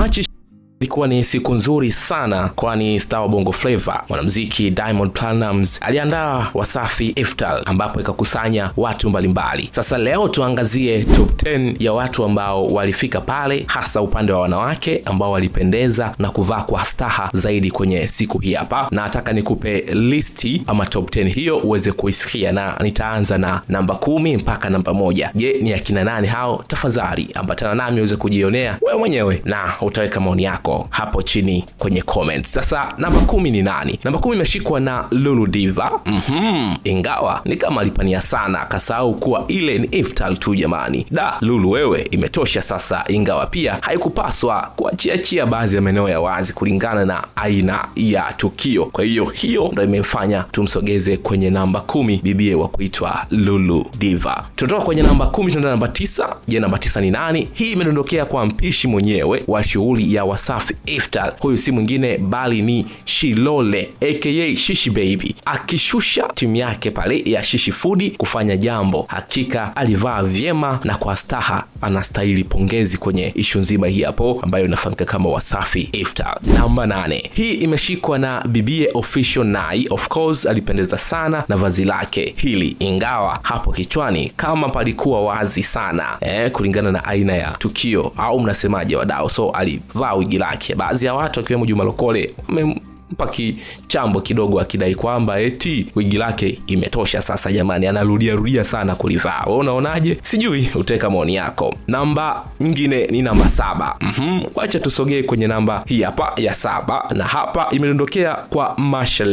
матча Ilikuwa ni siku nzuri sana kwani star wa Bongo Flava mwanamuziki Diamond Platnumz aliandaa Wasafi iftal ambapo ikakusanya watu mbalimbali. Sasa leo tuangazie top 10 ya watu ambao walifika pale, hasa upande wa wanawake ambao walipendeza na kuvaa kwa staha zaidi kwenye siku hii hapa, na nataka nikupe listi ama top 10 hiyo uweze kuisikia, na nitaanza na namba kumi mpaka namba moja. Je, ni akina nani hao? Tafadhali ambatana nami uweze kujionea wewe mwenyewe na utaweka maoni yako yako hapo chini kwenye comment. Sasa namba kumi ni nani? Namba kumi imeshikwa na Lulu Diva. mm -hmm. Ingawa ni kama alipania sana akasahau kuwa ile ni iftar tu jamani. Da, Lulu wewe imetosha sasa, ingawa pia haikupaswa kuachiachia baadhi ya maeneo ya wazi kulingana na aina ya tukio. Kwa hiyo hiyo ndo imemfanya tumsogeze kwenye namba kumi bibie wa kuitwa Lulu Diva. Tunatoka kwenye namba kumi tunaenda namba tisa. Je, namba tisa ni nani? Hii imedondokea kwa mpishi mwenyewe wa shughuli ya Wasafi Safi Iftar. Huyu si mwingine bali ni Shilole aka Shishi Baby, akishusha timu yake pale ya Shishi Food kufanya jambo. Hakika alivaa vyema na kwa staha, anastahili pongezi kwenye ishu nzima hii hapo, ambayo inafahamika kama Wasafi Iftar. Namba nane, hii imeshikwa na bibie official Nai. Of course alipendeza sana na vazi lake hili, ingawa hapo kichwani kama palikuwa wazi sana eh, kulingana na aina ya tukio au mnasemaje wadau? So alivaa wigi wake. Baadhi ya watu wakiwemo Juma Lokole wame akampa kichambo kidogo, akidai kwamba eti wigi lake imetosha sasa. Jamani, anarudiarudia rudia sana kulivaa. Wewe unaonaje? Sijui, uteka maoni yako. Namba nyingine ni namba saba. Mm-hmm. Wacha tusogee kwenye namba hii hapa ya saba, na hapa imedondokea kwa Masha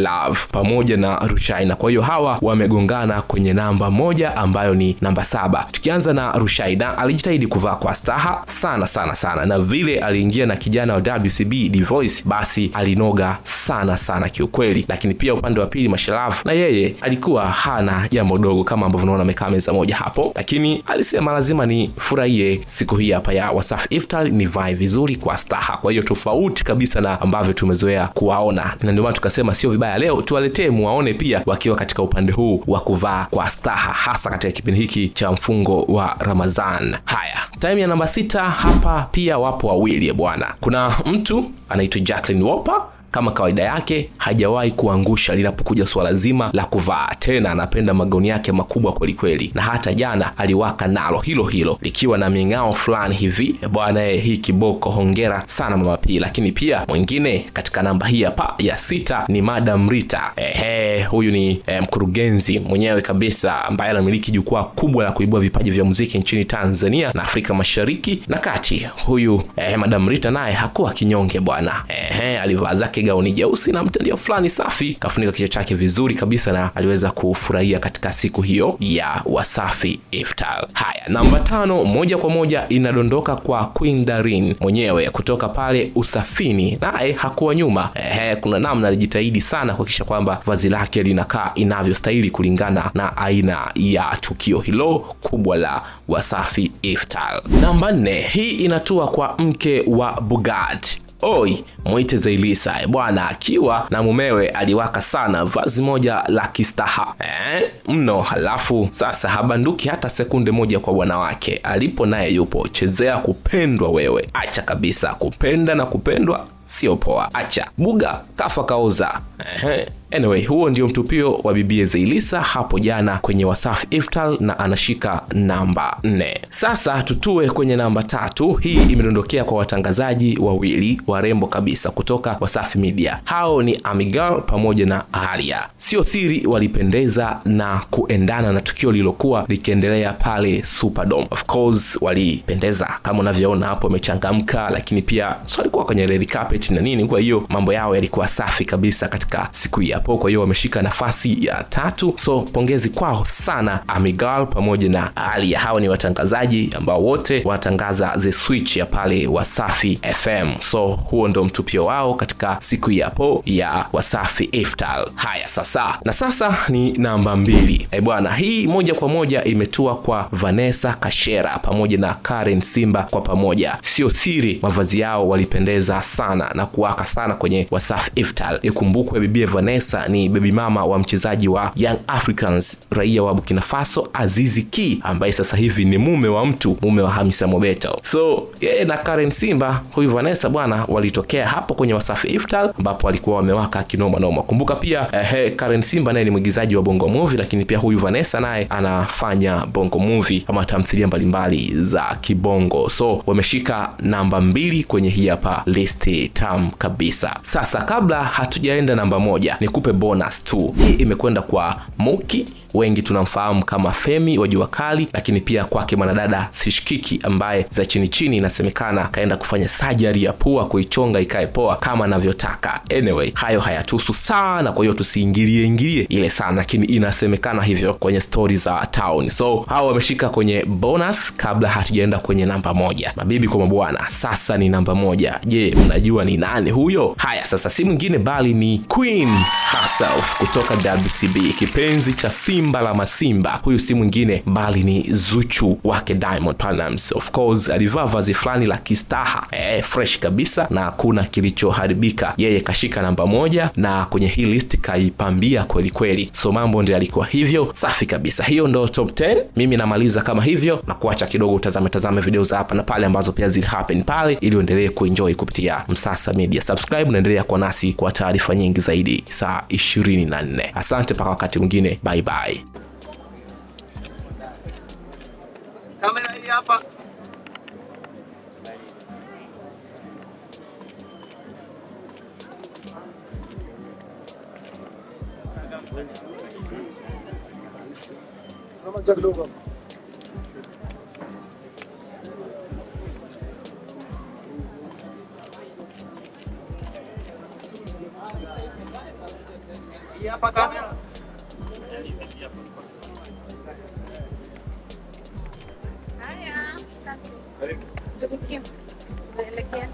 pamoja na Rushaina. Kwa hiyo hawa wamegongana kwenye namba moja ambayo ni namba saba. Tukianza na Rushaina, alijitahidi kuvaa kwa staha sana sana sana, na vile aliingia na kijana wa WCB voice basi alinoga sana sana kiukweli, lakini pia upande wa pili Mashelavu na yeye alikuwa hana jambo dogo kama ambavyo unaona amekaa meza moja hapo, lakini alisema lazima nifurahie siku hii hapa ya Wasafi Iftar, nivae vizuri kwa staha. Kwa hiyo tofauti kabisa na ambavyo tumezoea kuwaona, na ndio maana tukasema sio vibaya leo tuwaletee muwaone pia wakiwa katika upande huu wa kuvaa kwa staha, hasa katika kipindi hiki cha mfungo wa ramazan Haya, time ya namba sita hapa pia wapo wawili bwana, kuna mtu anaitwa Jacqueline Wopa kama kawaida yake hajawahi kuangusha linapokuja swala zima la kuvaa. Tena anapenda magauni yake makubwa kwelikweli, na hata jana aliwaka nalo hilo hilo likiwa na ming'ao fulani hivi eh, bwana. Yeye eh, hii kiboko, hongera sana mama P. Lakini pia mwingine katika namba hii hapa ya sita ni Madam Rita. Ehe, eh, huyu ni e, mkurugenzi mwenyewe kabisa ambaye anamiliki jukwaa kubwa la kuibua vipaji vya muziki nchini Tanzania na Afrika Mashariki na Kati. Huyu e, Madam Rita naye hakuwa kinyonge bwana. Ehe, alivaa zake chake gauni jeusi na mtandio fulani safi, kafunika kichwa chake vizuri kabisa, na aliweza kufurahia katika siku hiyo ya Wasafi Iftar. Haya, namba tano moja kwa moja inadondoka kwa Queen Darin mwenyewe kutoka pale Usafini, naye hakuwa nyuma. Ehe, kuna namna alijitahidi sana kuhakikisha kwamba vazi lake linakaa inavyostahili kulingana na aina ya tukio hilo kubwa la Wasafi Iftar. Namba nne hii inatua kwa mke wa bugat Oi mwite Zailisa eh, bwana akiwa na mumewe aliwaka sana vazi moja la kistaha eh, mno. Halafu sasa habanduki hata sekunde moja kwa bwana wake alipo naye yupo chezea kupendwa. Wewe acha kabisa, kupenda na kupendwa sio poa, acha buga kafa kaoza eh. Anyway, huo ndio mtupio wa bibie zeilisa hapo jana kwenye Wasafi iftal na anashika namba nne. Sasa tutue kwenye namba tatu. Hii imedondokea kwa watangazaji wawili warembo kabisa kutoka Wasafi Media. Hao ni amigal pamoja na Alia. Sio siri walipendeza na kuendana na tukio lililokuwa likiendelea pale Superdome. Of course walipendeza kama unavyoona hapo, wamechangamka, lakini pia so walikuwa kwenye red carpet na nini, kwa hiyo mambo yao yalikuwa safi kabisa katika siku ya hapo, kwa hiyo wameshika nafasi ya tatu, so pongezi kwao sana Amigal pamoja na Alia. Hawa ni watangazaji ambao wote wanatangaza The Switch ya pale Wasafi FM, so huo ndo mtupio wao katika siku ya hapo ya Wasafi iftal Haya sasa, na sasa ni namba mbili. e bwana, hii moja kwa moja imetua kwa Vanessa Kashera pamoja na Karen Simba kwa pamoja. Sio siri mavazi yao walipendeza sana na kuwaka sana kwenye Wasafi iftal Ikumbukwe bibie Vanessa Rwesa ni baby mama wa mchezaji wa Young Africans raia wa Burkina Faso Azizi Ki ambaye sasa hivi ni mume wa mtu mume wa Hamisa Mobeto. So yeye na Karen Simba huyu Vanessa bwana walitokea hapo kwenye Wasafi Iftar ambapo walikuwa wamewaka kinoma noma. Kumbuka pia eh, Karen Simba naye ni mwigizaji wa Bongo Movie, lakini pia huyu Vanessa naye anafanya Bongo Movie ama tamthilia mbalimbali za kibongo. So wameshika namba mbili kwenye hii hapa listi tam kabisa. Sasa kabla hatujaenda namba moja ni nikupe bonus tu. Hii imekwenda kwa Muki, wengi tunamfahamu kama Femi wa Jua Kali, lakini pia kwake mwanadada sishkiki ambaye za chini chini inasemekana kaenda kufanya sajari ya pua kuichonga ikae poa kama anavyotaka. Anyway, hayo hayatusu sana, kwa hiyo tusiingilie ingilie ile sana, lakini inasemekana hivyo kwenye stori za town. So hawa wameshika kwenye bonus kabla hatujaenda kwenye namba moja. Mabibi kwa mabwana, sasa ni namba moja. Je, mnajua ni nani huyo? Haya, sasa si mwingine bali ni Queen Herself kutoka WCB, kipenzi cha simba la masimba. Huyu si mwingine bali ni Zuchu wake Diamond Platnumz. Of course alivaa vazi fulani la kistaha eh, fresh kabisa na hakuna kilichoharibika. Yeye kashika namba moja na kwenye hii list kaipambia kweli kweli, so mambo ndio yalikuwa hivyo, safi kabisa. Hiyo ndo top 10. Mimi namaliza kama hivyo na kuacha kidogo utazame tazame video za hapa na pale ambazo pia zili happen pale, ili uendelee kuenjoy kupitia Msasa Media. Subscribe, naendelea kuwa nasi kwa taarifa nyingi zaidi. Sa saa 24. Asante mpaka wakati mwingine, bye bye. Kamera hii hapa. Kama cha Iya, apa kabar? Hai, ya. Baik. Dobikim. Lelekian.